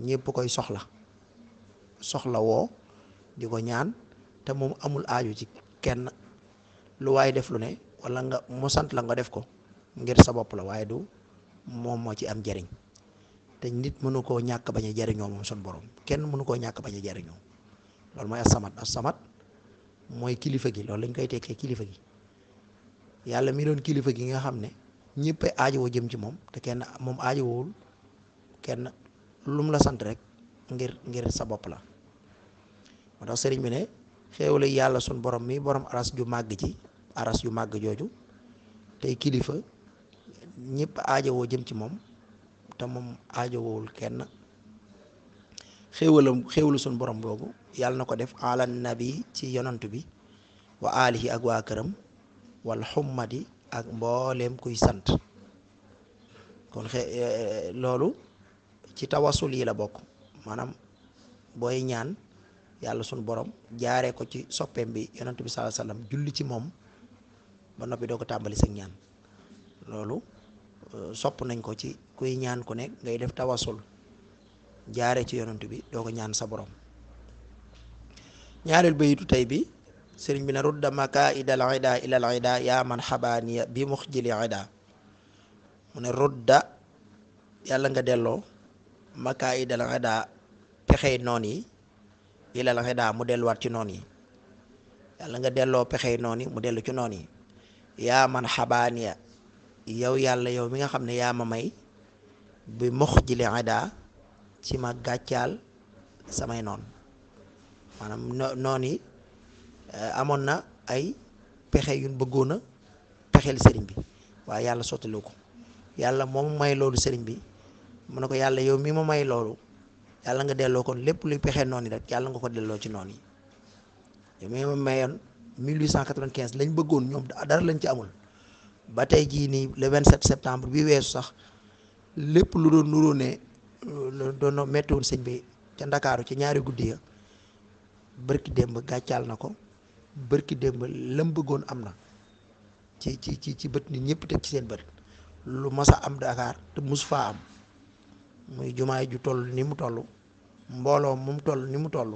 ñëpp koy soxla soxla woo di ko ñaan te moom amul aajo ci kenn lu waaye def lu ne wala nga mu sant la nga def ko ngir sa bopp la waaye du moom moo ci am jariñ te nit mënu koo ñàkk bañ jariñoo moom sun borom kenn mënu koo ñàkk bañ a jariñoo loolu mooy asamat asamat mooy kilifa gi loolu lañ koy tekkee kilifa gi yàlla mi doon kilifa gi nga xam ne ñëpp aajowoo jëm ci moom te kenn moom aajowul kenn lu la sant rek ngir ngir sa bopp la moo tax sëriñ bi ne xéewale yàlla sun borom mi borom aras ju màgg ci aras yu màgg jooju tey kilifa ñëpp aajowoo jëm ci moom te moom aajowowul kenn xéewalam xéewalu suñ borom boobu yàlla na ko def ala nabi ci yonant bi wa alihi ak waa këram wal xummadi ak mbooleem kuy sant kon eh, loolu ci tawasul yi la bokk maanaam booy ñaan yàlla sunu borom jaare ko ci soppeem bi yonent bi sallallahu alayhi wasallam julli ci moom ba noppi doo ko tàmbali sa ñaan loolu euh, sopp nañ ko ci kuy ñaan ku nekk ngay def tawasul jaaree ci yonent bi doo ko ñaan sa borom ñaareel bayitu tey bi sëriñ bi na rudda maka idal ida ilal ida yaa man xabaaniya bi mux jili ida mu ne rudda yàlla nga delloo makaa idal xedaa pexey noon yi ilal daa mu delluwaat ci noon yi yàlla nga delloo pexey noon yi mu dellu ci noon yi yaa man xabaaniya yow yàlla yow mi nga xam ne yaa ma may bi mox jili xedaa ci ma gàccaal samay noon maanaam noon yi eh, amoon na ay pexe yu bëggoona pexeel sëriñ bi waaye yàlla sottiloo ko yàlla moom may loolu sëriñ bi mun ne ko yàlla yow mi ma may loolu yàlla nga delloo kon lépp luy pexe noonu rek yàlla nga ko delloo ci noonu yi yow mi ma mayoon 1895 lañ bëggoon ñoom dara lañ ci amul ba tey jii nii le 27 septembre bi weesu sax lépp lu doon nuroo ne doon méttiwoon sëñ bi ca Ndakaaru ci ñaari guddi ya bërki démb gàccaal na ko bërki démb lam bëggoon am na ci ci ci ci bët nit ñëpp teg ci seen bët lu mas am Dakar te mus faa am muy jumaay ju toll ni mu toll mbooloo mu toll ni mu toll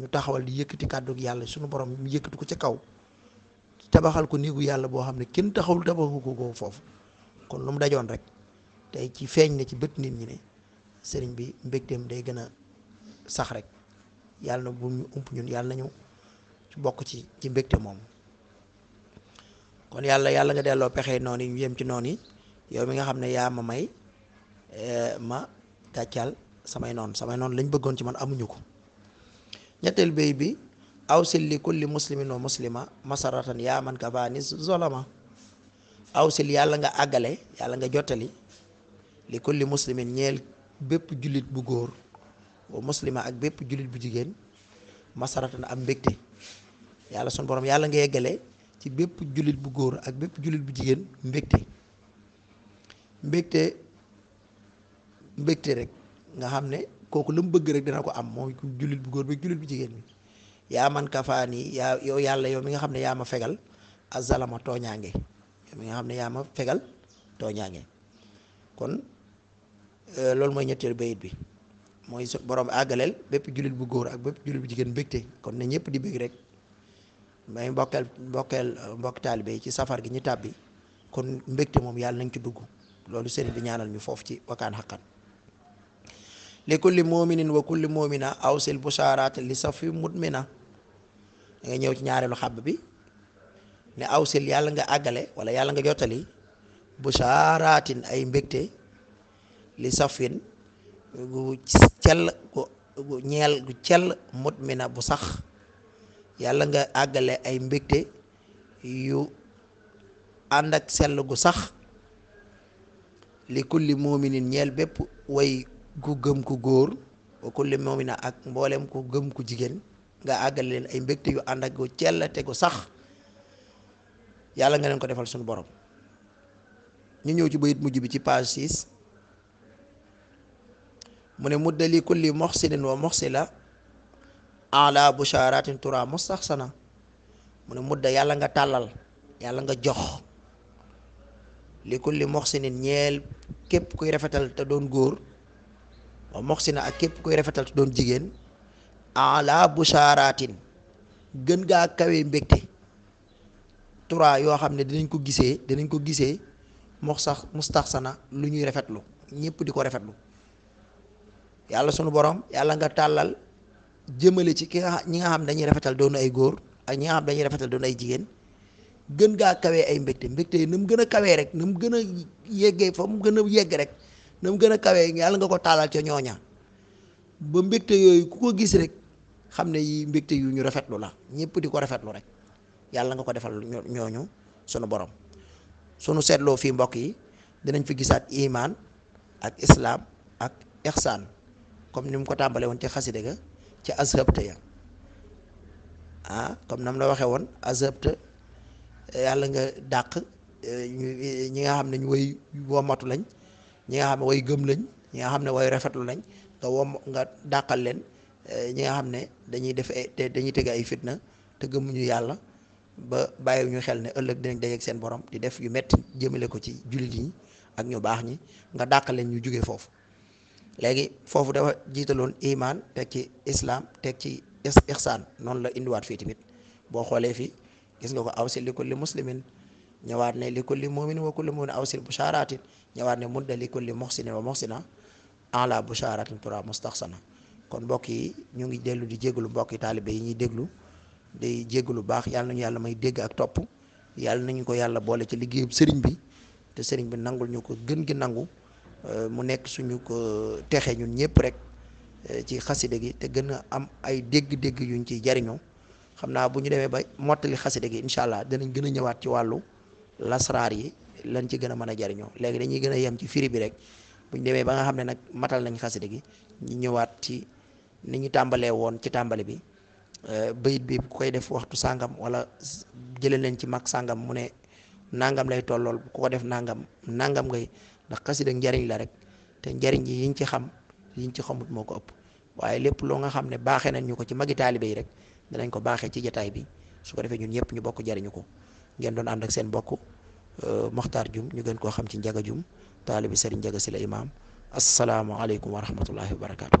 ñu taxawal di yëkkati kàddu yàlla suñu borom mu yëkkati ko ci kaw tabaxal ko néegu yàlla boo xam ne kenn taxawul tabaxu ko ko foofu kon lu mu dajoon rek tey ci feeñ na ci bët nit ñi ne sëriñ bi mbégteem day gën a sax rek yàlla na bu ñu ump ñun bokk ci ci mbégte moom kon yàlla yàlla nga delloo pexe noonu yi ñu yem ci noonu yi yow mi nga xam ne yaa ma may eh, ma gàccaal samay noon samay noon lañ bëggoon ci man amuñu ko ñetteel béy bi awsil li kulli muslimin wa muslima masaratan yaa man ka baani zolama awsil yàlla nga àggale yàlla nga jottali li kulli muslimin ñeel bépp jullit bu góor wa ak bépp jullit bu jigéen masaratan am mbégte yàlla sun borom yàlla nga yeggale ci bépp jullit bu góor ak bépp jullit bu jigéen mbégte mbégte mbégte rek nga xam ne kooku lu mu bëgg rek dina ko am moom jullit bu góor bi jullit bu jigéen bi yaa man kafaani yaa yow yàlla yow mi nga xam ne yaa ma fegal azalama tooñaange yow mi nga xam ne yaa ma fegal tooñaange kon euh, loolu mooy ñetteel bayit bi mooy borom àggaleel bépp jullit bu góor ak bépp jullit bu jigéen mbégte kon ne ñëpp di bég rek may mbokkeel mbokkeel mbokk taalibe ci safar gi ñu tàbbi kon mbégte moom yàlla nañ ci dugg loolu sëriñ bi ñu foofu ci wakaan li kulli muminin wa kulli mumina awsil busharat li safi mutmina da nga ñëw ci ñaareelu xàbb bi ne awsil yàlla nga àggale wala yàlla nga jottali busharaatin ay mbégte li safin gu cell gu ñeel gu cell mutmina bu sax yàlla nga àggale ay mbégte yu ànd ak sell gu sax li kulli muminin ñeel bépp way ku gëm ku góor wa kulli mu'mina ak mboolem ku gëm ku jigéen nga àggal leen ay mbégte yu ànd ak gu cell te gu sax yàlla nga leen ko defal sunu borom ñu ñëw ci bayit mujj bi ci page mu ne muddali kulli moxsinin wa moxsila ala busharatin tura mustaxsana mu ne mudda yàlla nga tàllal yàlla nga jox li kulli moxsinin ñeel képp kuy rafetal te doon góor wa na ak képp koy rafetal doon jigéen ala busharaatin gën gaa kawee mbégte tura yoo xam ne dinañ ko gisee dinañ ko gisee mox sax mustaxsana lu ñuy rafetlu ñëpp di ko rafetlu yàlla sunu borom yàlla nga tàllal jëmale ci ki nga ñi nga xam dañuy rafetal doon ay góor ak ñi nga xam dañuy rafetal doon ay jigéen gën gaa kawee ay mbégte mbégte yi na mu gën a kawee rek na mu gën a yeggee fa mu gën a yegg rek na mu gën a kawee yàlla nga ko taalal ca ñooña ba mbégte yooyu ku ko gis rek xam ne yi mbégte yu ñu rafetlu la ñëpp di ko rafetlu rek yàlla nga ko defal ñooñu sunu borom sunu seetloo fii mbokk yi dinañ fi gisaat imaan ak islaam ak ixsaan comme ni mu ko tàmbale woon ci xaside ga ci azhabta ya ah, comme nam la waxee woon azhabta yàlla nga dàq eh, eh, ñi nga xam ne ñu way womatu lañ ñi nga xam ne way gëm lañ ñi nga xam ne way rafetlu lañ wom nga dàqal leen eh, ñi nga ne dañuy def ay dañuy teg ay fitna te gëmuñu yàlla ba bàyyi ñu xel ne ëllëg dinañ dajeeg seen borom di def yu metti jëmale ko ci jullit yi ak ñu baax ñi nga dàqal leen ñu jóge foofu. léegi foofu dafa jiitaloon imaan teg ci islam teg ci ixsaan noonu la indiwaat fii tamit boo xoolee fii gis nga ko aw si li kulli muslimin ñëwaat ne li kulli mumin wa kulli mumin awsil busharatin ñëwaat ne mudda li kulli muhsinin wa muhsina en la busharatin tura na kon mbokk yi ñu ngi dellu di jégalu mbokk yi taalibe yi ñuy déglu di jégalu baax yàlla nañu yàlla may dégg ak topp yàlla nañu ko yàlla boole ci liggéeyub sëriñ bi te sëriñ bi nangul ñu ko gën gi nangu euh, mu nekk suñu ko texe ñun ñëpp rek euh, ci xaside gi te gën a am ay dégg-dégg yuñ ciy jariñoo xam naa bu ñu demee ba mottali xaside gi incha allah danañ gën a ñëwaat ci wàllu lasraar yi lan ci gën a mën a jariño léegi dañuy gën a yem ci firi bi rek buñ demee ba nga xam ne nag matal nañ xasida gi ñu ñëwaat ci ni ñu tàmbalee woon ci tàmbali bi euh, bayit bi ku koy def waxtu sàngam wala jëlee leen ci mag sàngam mu ne nangam lay tollool ku ko def nangam nangam ngay ndax xasida njariñ la rek te njariñ yi yiñ ci xam yiñ ci xamut moo ko ëpp waaye lépp loo nga xam ne baaxee nañ ñu ko ci magi taalibe yi rek danañ ko baaxee ci jataay bi su ko defee ñun ñëpp ñu bokk jariñu ko ngeen doon ànd ak seen bokk euh, Mokhtar Dioum ñu gën koo xam ci njaga jum taalibi Serigne Ndiaga Sylla imaam asalaamaaleykum aleykum rahmatullahi wa barakaatu.